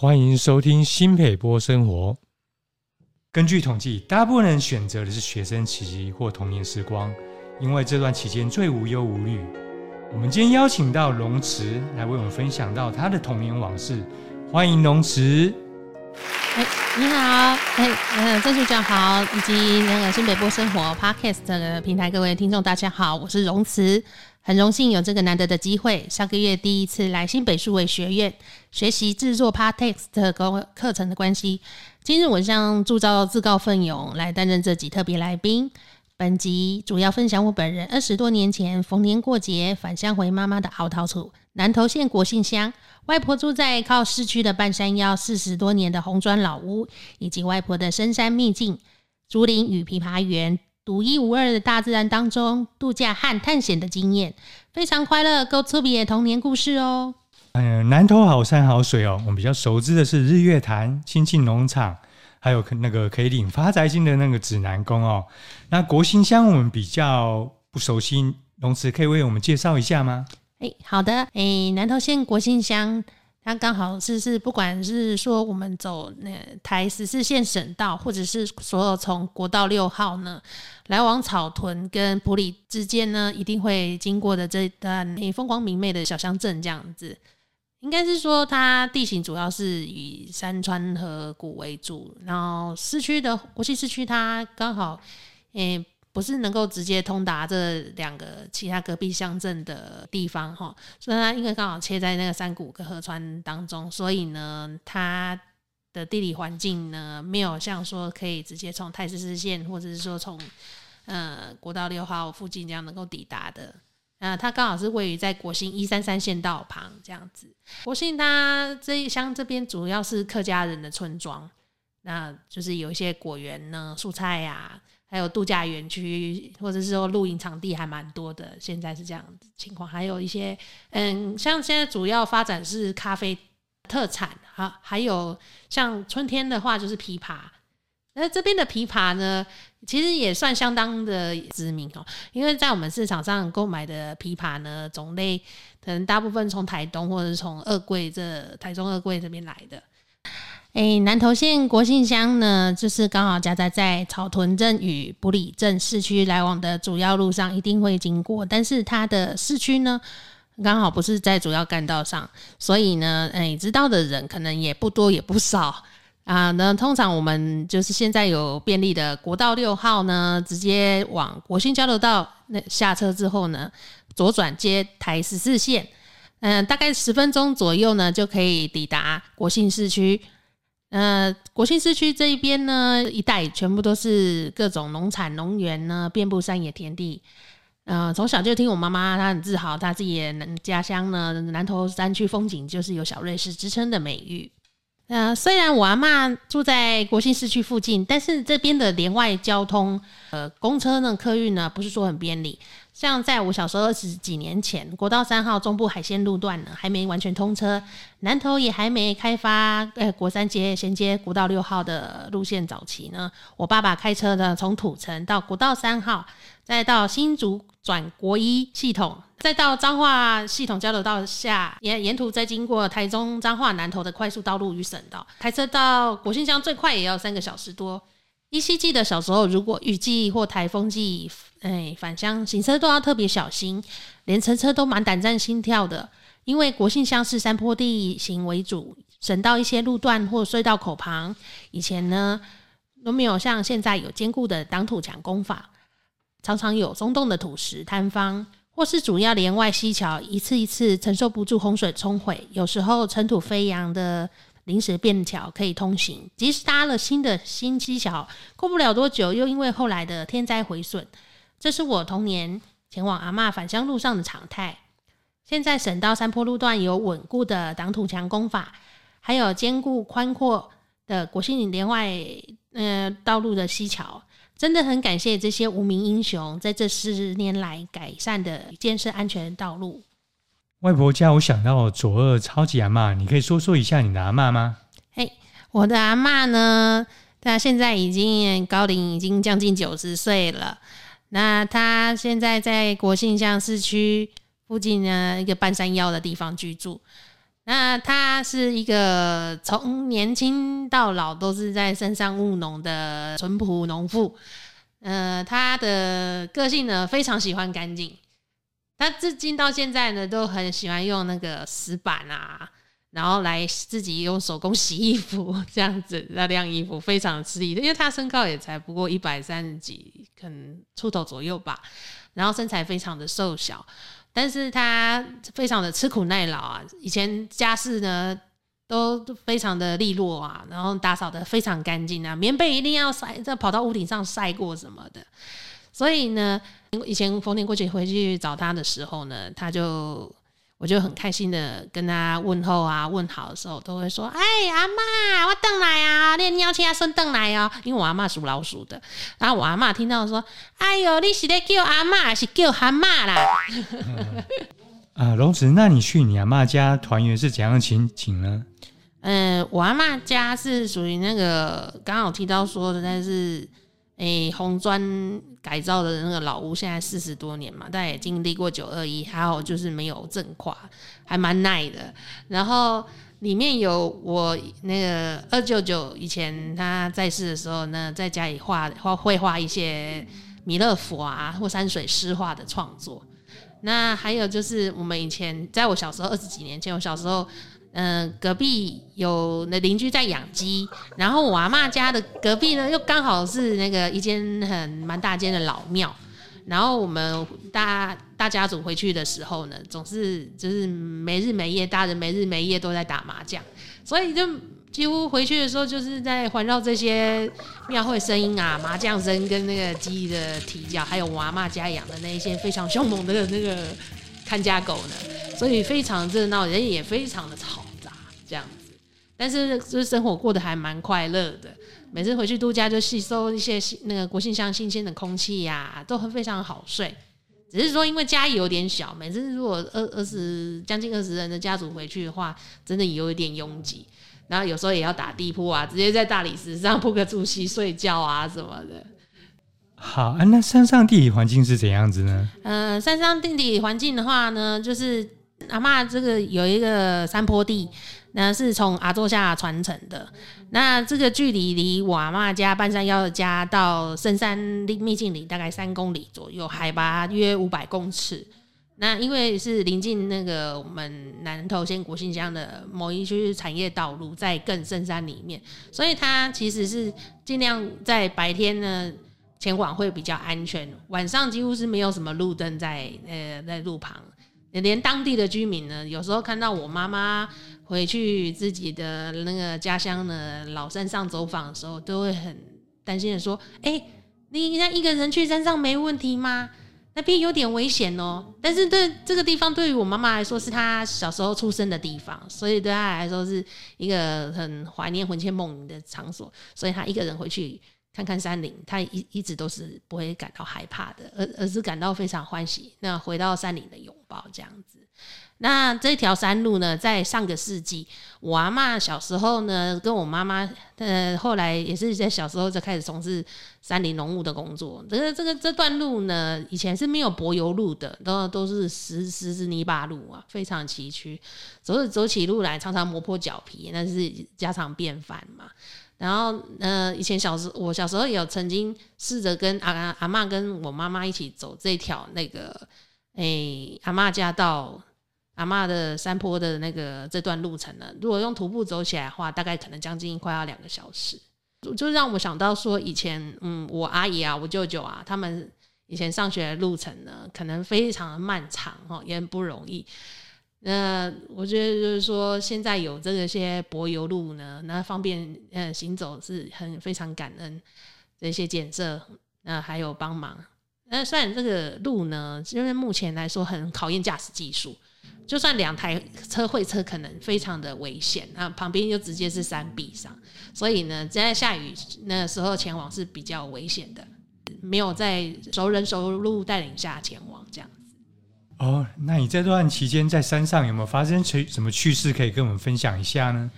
歡迎收聽新北波生活。根據統計，大部分人選擇的是學生時期或童年時光，因為這段期間最無憂無慮。我們今天邀請到容慈來為我們分享到他的童年往事。歡迎容慈、欸。你好，哎、欸，呃，鄭助教好，以及那個新北波生活 Podcast 的平台各位聽眾，大家好，我是容慈。很榮幸有這個難得的機會，上個月第一次來新北數位學院學習制作 Podcast 課課程的關係，今日我將鑄造自告奮勇來擔任這集特別來賓。本集主要分享我本人二十多年前逢年過節返鄉回媽媽的豪宅處南投縣國姓鄉，外婆住在靠市區的半山腰四十多年的紅磚老屋，以及外婆的深山秘境竹林與枇杷園。獨一無二的大自然當中度假和探險的經驗，非常快樂，夠特別的童年故事哦。南投好山好水哦，我們比較熟知的是日月潭、清境農場，還有那個可以領發財金的那個紫南宮哦。那國興鄉我們比較不熟悉，容慈可以為我們介紹一下嗎？哎、欸，好的，哎、欸，南投縣國興鄉。它剛好是是，不管是說我們走那台十四線省道，或者是所有從國道六號呢，來往草屯跟埔里之間呢，一定會經過的這段誒、欸，風光明媚的小鄉鎮這樣子。應該是說它地形主要是以山川河谷為主，然後市區的國際市區它剛好，誒、欸。不是能夠直接通達這兩個其他隔壁鄉鎮的地方哈，所以它因為剛好切在那個山谷和河川當中，所以呢，它的地理環境呢，沒有像說可以直接從台十四支線或者是說從呃國道六號附近這樣能夠抵達的。啊、呃，它剛好是位於在國興一三三縣道旁這樣子。國興它這一鄉這邊主要是客家人的村莊，那就是有一些果園呢、蔬菜呀、啊。還有度假園區，或者是說露營場地還蠻多的。現在是這樣子情況，還有一些，嗯，像現在主要發展是咖啡特產，好、啊，還有像春天的話就是枇杷，那這邊的枇杷呢，其實也算相當的知名哦、喔，因為在我們市場上購買的枇杷呢，種類可能大部分從台東或者是從二貴這台中二貴這邊來的。誒、欸，南投縣國姓鄉呢，就是剛好夾在在草屯鎮與埔里鎮市區來往的主要路上，一定會經過。但是它的市區呢，剛好不是在主要幹道上，所以呢，誒、欸，知道的人可能也不多也不少啊。那通常我們就是現在有便利的國道六號呢，直接往國姓交流道那下車之後呢，左轉接台十四線。嗯、呃，大概十分鐘左右呢，就可以抵達國信市區。呃，國信市區這一邊呢，一帶全部都是各種農產、農園呢，遍佈山野田地。呃，從小就聽我媽媽，她很自豪，她自己的家鄉呢，南投山區風景就是有“小瑞士”之稱的美譽。呃，雖然我阿嬤住在國興市區附近，但是這邊的連外交通，呃，公車呢、客運呢，不是說很便利。像在我小時候二十幾年前，國道三號中部海線路段呢，還沒完全通車，南投也還沒開發。呃，國三接銜接國道六號的路線早期呢，我爸爸開車呢，從土城到國道三號，再到新竹轉國一系統。再到彰化系統交流道下，沿沿途再經過台中、彰化、南投的快速道路與省道，開車到國姓鄉最快也要三個小時多。依稀記得小時候，如果雨季或台風季，哎，返鄉行車都要特別小心，連乘車、車都蠻膽戰心跳的，因為國姓鄉是山坡地形為主，省道一些路段或隧道口旁，以前呢都沒有像現在有堅固的擋土牆工法，常常有鬆動的土石塌方。或是主要連外溪橋，一次一次承受不住洪水沖毀，有時候塵土飛揚的臨時便橋可以通行，即使搭了新的新溪橋，過不了多久又因為後來的天災毀損，這是我童年前往阿嬤返鄉路上的常態。現在省道山坡路段有穩固的擋土牆工法，還有堅固寬闊的國姓嶺連外、呃、道路的溪橋。真的很感謝這些無名英雄，在這四十年來改善的建設安全道路。外婆家，我想到左二超級阿嬤，你可以說說一下你的阿嬤嗎？誒，我的阿嬤呢？她現在已經高齡，已經將近九十歲了。那她現在在國姓鄉市區附近的一個半山腰的地方居住。那他是一個從年輕到老都是在山上務農的淳樸農婦，呃，他的個性呢，非常喜歡乾淨，他至今到現在呢都很喜歡用那個石板啊，然後來自己用手工洗衣服，這樣子。那晾衣服，非常的吃力的，因為他身高也才不過一百三十幾，可能出頭左右吧，然後身材非常的瘦小。但是他非常的吃苦耐勞啊，以前家事呢都非常的利落啊，然後打掃得非常乾淨啊，棉被一定要曬，要跑到屋頂上曬過什麼的，所以呢，以前逢年過節回去找他的時候呢，他就。我就很開心的跟他問候啊問好的時候都會說：“哎、欸，阿嬤，我等來啊、喔，你你要請阿孫等來哦、喔。”因為我阿嬤屬老鼠的，然、啊、後我阿嬤聽到說：“哎呦，你是在叫阿嬤，還是叫阿嬤啦。呃”啊，容慈，那你去你阿嬤家團圓是怎樣的情景呢？嗯、呃，我阿嬤家是屬於那個剛好提到說的，但是。欸，紅磚改造的那個老屋，現在四十多年嘛，但也經歷過九二一，還好就是沒有震垮，還蠻耐的。然後裡面有我那個二舅舅以前他在世的時候呢，在家裡畫畫繪畫一些彌勒佛啊或山水詩畫的創作。那還有就是我們以前在我小時候二十幾年前，我小時候。嗯，隔壁有那鄰居在養雞，然後我阿嬤家的隔壁呢，又剛好是那個一間很蠻大間的老廟，然後我們大大家族回去的時候呢，總是就是沒日沒夜，大人沒日沒夜都在打麻將，所以就幾乎回去的時候，就是在環繞這些廟會聲音啊、麻將聲，跟那個雞的啼叫，還有我阿嬤家養的那一些非常兇猛的那個看家狗呢。所以非常熱鬧，人也非常的嘈雜這樣子，但是就是生活過得還蠻快樂的。每次回去度假，就吸收一些那個國姓鄉新鮮的空氣呀、啊，都很非常好睡。只是說，因為家有點小，每次如果二二十將近二十人的家族回去的話，真的也有一點擁擠。然後有時候也要打地鋪啊，直接在大理石上鋪個竹席睡覺啊什麼的。好啊，那山上地理環境是怎樣子呢？嗯、呃，山上地理環境的話呢，就是。阿嬤這個有一個山坡地，那是從阿座下傳承的。那這個距離離我阿嬤家半山腰的家到深山秘秘境裡，大概三公里左右，海拔約五百公尺。那因為是臨近那個我們南投縣國姓鄉的某一區產業道路，在更深山裡面，所以它其實是盡量在白天呢前往會比較安全，晚上幾乎是沒有什麼路燈在呃在路旁。連當地的居民呢，有時候看到我媽媽回去自己的那個家鄉的老山上走訪的時候，都會很擔心的說：“哎、欸，你應該一個人去山上沒問題嗎？那邊有點危險哦。”但是對這個地方，對於我媽媽來說，是她小時候出生的地方，所以對她來說是一個很懷念魂牽夢縈的場所，所以她一個人回去，看看山林，他一一直都是不會感到害怕的，而而是感到非常歡喜。那回到山林的擁抱這樣子，那這條山路呢，在上個世紀，我阿嬤小時候呢，跟我媽媽，呃，後來也是在小時候就開始從事山林農務的工作。這個這個這段路呢，以前是沒有柏油路的，都都是石石子泥巴路啊，非常崎嶇，走走起路來常常磨破腳皮，那是家常便飯嘛。然後呃，以前小時我小時候也有曾經試着跟阿阿嬤跟我媽媽一起走這條那個，哎、欸，阿嬤家到阿嬤的山坡的那個這段路程呢，如果用徒步走起來的話，大概可能將近快要兩個小時，就就讓我想到說以前嗯，我阿姨啊，我舅舅啊，他們以前上學的路程呢，可能非常的漫長哈，也很不容易。那我覺得就是說，現在有這個些柏油路呢，那方便呃行走，是很非常感恩這些建設，呃還有幫忙。那雖然這個路呢，因為目前來說很考驗駕駛技術，就算兩台車會車可能非常的危險，那旁邊就直接是山壁上，所以呢，在下雨那時候前往是比較危險的，沒有在熟人熟路帶領下前往。哦、oh，那你這段期間在山上有沒有發生什麼趣事可以跟我們分享一下呢？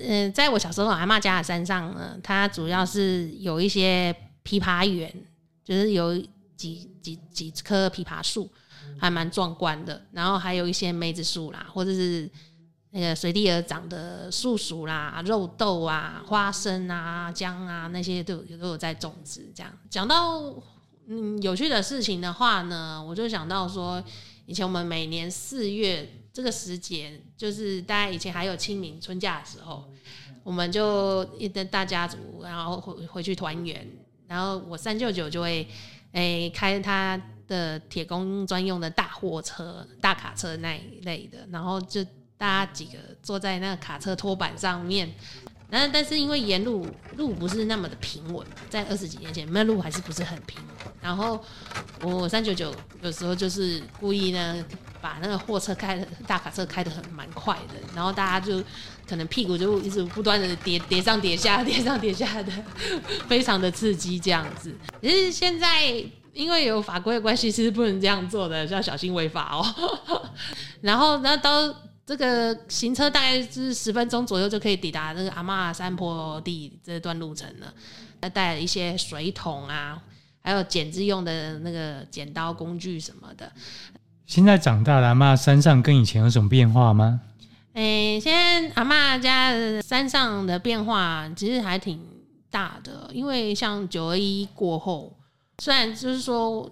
嗯、呃，在我小時候，阿嬤家的山上呢，它主要是有一些枇杷園，就是有幾幾幾棵枇杷樹，還蠻壯觀的。然後還有一些梅子樹啦，或者是那個隨地而長的樹薯啦、肉豆啊、花生啊、薑啊那些都有，都有在種植這樣。講到嗯有趣的事情的話呢，我就想到說。以前我們每年四月這個時節，就是大家以前還有清明春假的時候，我們就一的大家族，然後回回去團圓，然後我三舅舅就會，誒、欸、開他的鐵工專用的大貨車、大卡車那一類的，然後就大家幾個坐在那個卡車拖板上面。但但是因為沿路路不是那麼的平穩，在二十幾年前那路還是不是很平穩。然後我三九九有時候就是故意呢，把那個貨車開大卡車開得很蠻快的，然後大家就可能屁股就一直不斷的跌跌上跌下，跌上跌下的，非常的刺激這樣子。其實現在因為有法規的關係是不能這樣做的，要小心違法哦。 然後那都。這個行車大概是十分鐘左右就可以抵達這個阿嬤山坡地這段路程了，帶了一些水桶啊，還有剪枝用的那個剪刀工具什麼的。現在長大了，阿嬤山上跟以前有什麼變化嗎？誒、欸，現在阿嬤家山上的變化其實還挺大的，因為像九二一過後，雖然就是說。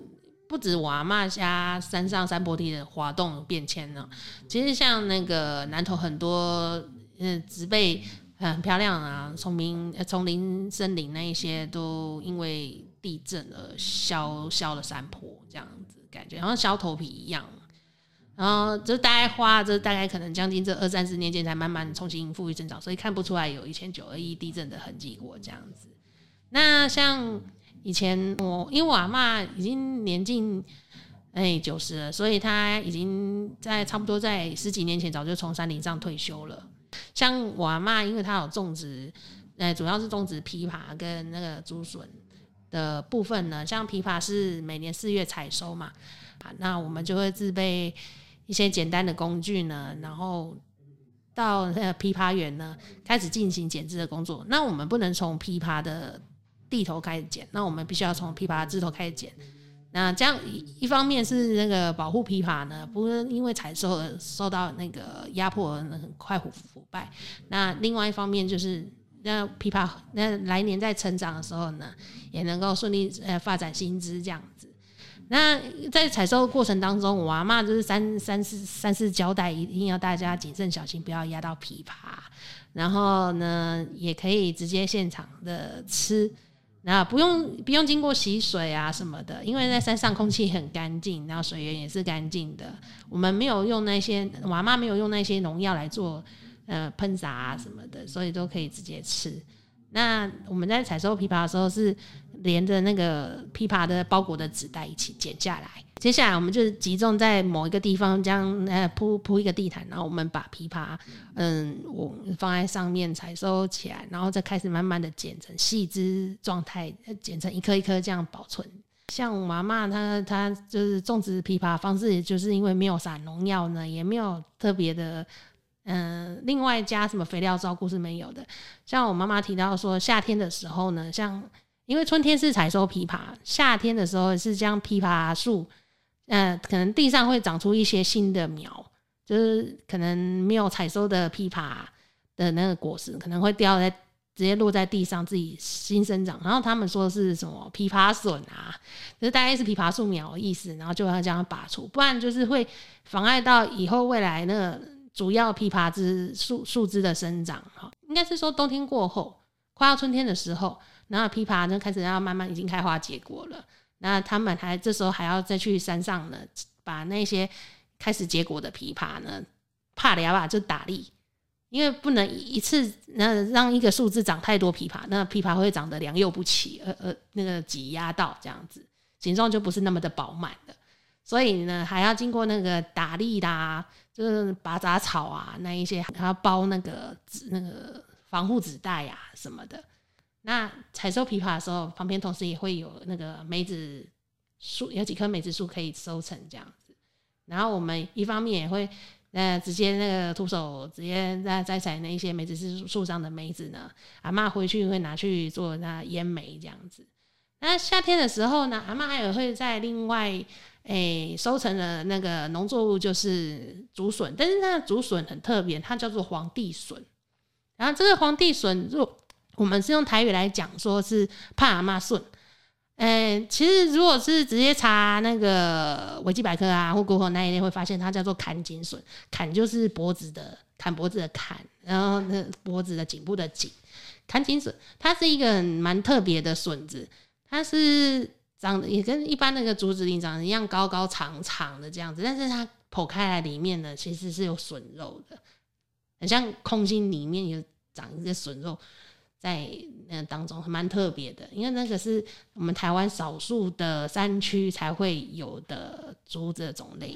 不止我阿嬤家山上山坡地的滑動變遷呢，啊，其實像那個南投很多，嗯，植被很漂亮啊，叢林、叢林森林那一些都因為地震而削削了山坡，這樣子感覺好像削頭皮一樣。然後就大概花這大概可能將近這二三十年間才慢慢重新復育增長，所以看不出來有一千九二一地震的痕跡過這樣子。那像以前我因為我阿嬤已經年近哎九十了，所以她已經在差不多在十幾年前早就從山林上退休了。像我阿嬤，因為她有種植，哎、欸，主要是種植枇杷跟那個竹筍的部分呢。像枇杷是每年四月採收嘛，啊，那我們就會自備一些簡單的工具呢，然後到那個枇杷園呢開始進行剪枝的工作。那我們不能從枇杷的，地頭開始剪，那我們必須要從枇杷枝頭開始剪。那這樣一方面是那個保護枇杷呢，不是因為採收而受到那個壓迫，很快腐腐敗。那另外一方面就是那枇杷那來年在成長的時候呢，也能夠順利呃發展新枝這樣子。那在採收的過程當中，我阿嬤就是三三四三四交代，一定要大家謹慎小心，不要壓到枇杷。然後呢，也可以直接現場的吃。那不用不用經過洗水啊什麼的，因為在山上空氣很乾淨，然後水源也是乾淨的。我們沒有用那些娃娃，我阿嬤沒有用那些農藥來做，呃，噴灑啊什麼的，所以都可以直接吃。那我們在採收枇杷的時候是。連着那個枇杷的包裹的紙袋一起剪下來，接下來我們就是集中在某一個地方，將呃鋪鋪一個地毯，然後我們把枇杷嗯，我放在上面採收起來，然後再開始慢慢的剪成細枝狀態，剪成一顆一顆這樣保存。像我媽媽她她就是種植枇杷方式，也就是因為沒有撒農藥呢，也沒有特別的嗯、呃、另外加什麼肥料照顧是沒有的。像我媽媽提到說夏天的時候呢，像因為春天是採收枇杷，夏天的時候也是將枇杷樹，嗯、呃，可能地上會長出一些新的苗，就是可能沒有採收的枇杷的那個果實可能會掉在直接落在地上自己新生長。然後他們說是什麼枇杷筍啊，就是大概是枇杷樹苗的意思，然後就要將它拔除，不然就是會妨礙到以後未來那個主要枇杷枝樹樹枝的生長。哈，應該是說冬天過後，快要春天的時候。然後枇杷就開始要慢慢已經開花結果了，那他們還這時候還要再去山上呢，把那些開始結果的枇杷呢，怕了吧就打粒，因為不能一次那讓一個樹枝長太多枇杷，那枇杷會長得良莠不齊，呃呃那個擠壓到這樣子，形狀就不是那麼的飽滿的，所以呢還要經過那個打粒啦，就是拔雜草啊，那一些還要包那個紙那個防護紙袋呀、啊、什麼的。那採收枇杷的時候，旁邊同時也會有那個梅子樹，有幾棵梅子樹可以收成這樣子。然後我們一方面也會，呃，直接那個徒手直接在摘採那一些梅子樹樹上的梅子呢。阿嬤回去會拿去做那醃梅這樣子。那夏天的時候呢，阿嬤還有會在另外，誒、欸，收成的那個農作物就是竹筍，但是那竹筍很特別，它叫做皇帝筍。然後這個皇帝筍若我們是用台語來講，說是怕麻筍。嗯、欸，其實如果是直接查那個維基百科啊，或 Google 那一類，會發現它叫做砍頸筍。砍就是脖子的砍，脖子的砍，然後脖子的頸部的頸，砍頸筍。它是一個蠻特別的筍子，它是長得也跟一般那個竹子林長得一樣高高長長的這樣子，但是它剖開來裡面呢，其實是有筍肉的，很像空心，裡面有長一些筍肉。在那當中還蠻特別的，因為那個是我們台灣少數的山區才會有的竹子的種類。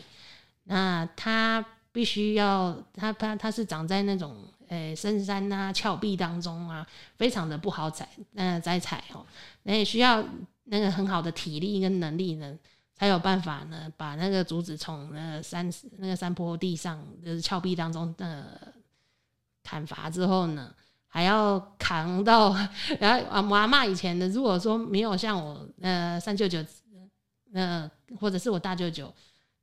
那它必須要，它它它是長在那種誒、欸、深山吶、啊、峭壁當中啊，非常的不好採，那摘採哦，那也需要那個很好的體力跟能力呢，才有辦法呢把那個竹子從那個山那個山坡地上，就是峭壁當中的砍伐之後呢，還要扛到，然、啊、後我阿嬤以前的，如果說沒有像我呃三舅舅，嗯、呃，或者是我大舅舅，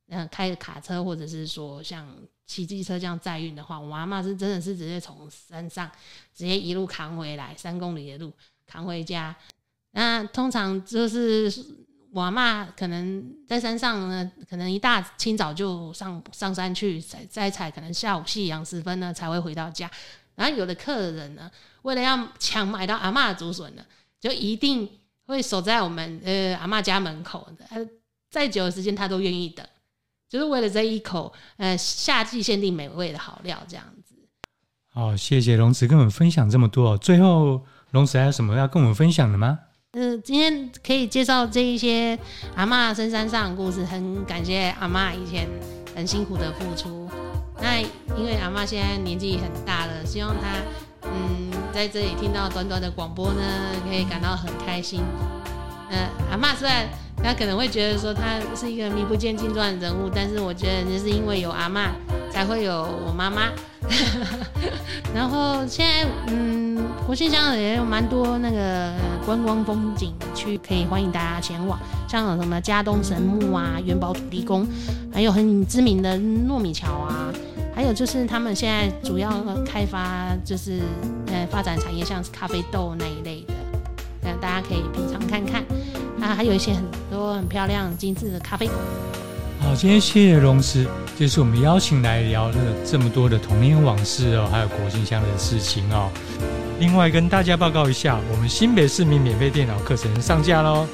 嗯、呃，開着卡車，或者是說像騎機車這樣載運的話，我阿嬤是真的是直接從山上直接一路扛回來，三公里的路扛回家。那通常就是我阿嬤可能在山上呢，可能一大清早就上上山去，再踩可能下午夕陽時分呢才會回到家。然後有的客人呢，為了要搶買到阿嬤的竹筍呢，就一定會守在我們呃阿嬤家門口的，呃再久的時間他都願意等，就是為了這一口呃夏季限定美味的好料這樣子。好、哦，謝謝容慈跟我們分享這麼多、哦。最後，容慈還有什麼要跟我們分享的嗎？呃，今天可以介紹這一些阿嬤深山上的故事，很感謝阿嬤以前很辛苦的付出。那因為阿嬤現在年紀很大了，希望她嗯在這裡聽到短短的廣播呢，可以感到很開心。呃，阿嬤雖然她可能會覺得說她是一個名不見經傳的人物，但是我覺得就是因為有阿嬤才會有我媽媽。 然後現在嗯，國姓鄉也有蠻多那個觀光風景區，可以歡迎大家前往。像什麼嘉東神木啊、元寶土地公，還有很知名的糯米橋啊，還有就是他們現在主要開發就是呃發展產業，像是咖啡豆那一類的，大家可以品嚐看看啊，還有一些很多很漂亮精致的咖啡館。好，今天謝謝容慈，就是我們邀請來聊了這麼多的童年往事哦，還有國姓鄉的事情哦。另外跟大家報告一下，我們新北市民免費電腦課程上架嘍。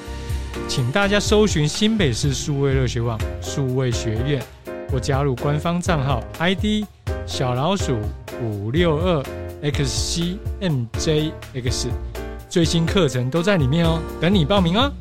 請大家搜尋新北市數位熱學網數位學院，或加入官方賬號 ID 小老鼠五六二 XCMJX，最新課程都在裡面哦，等你報名哦。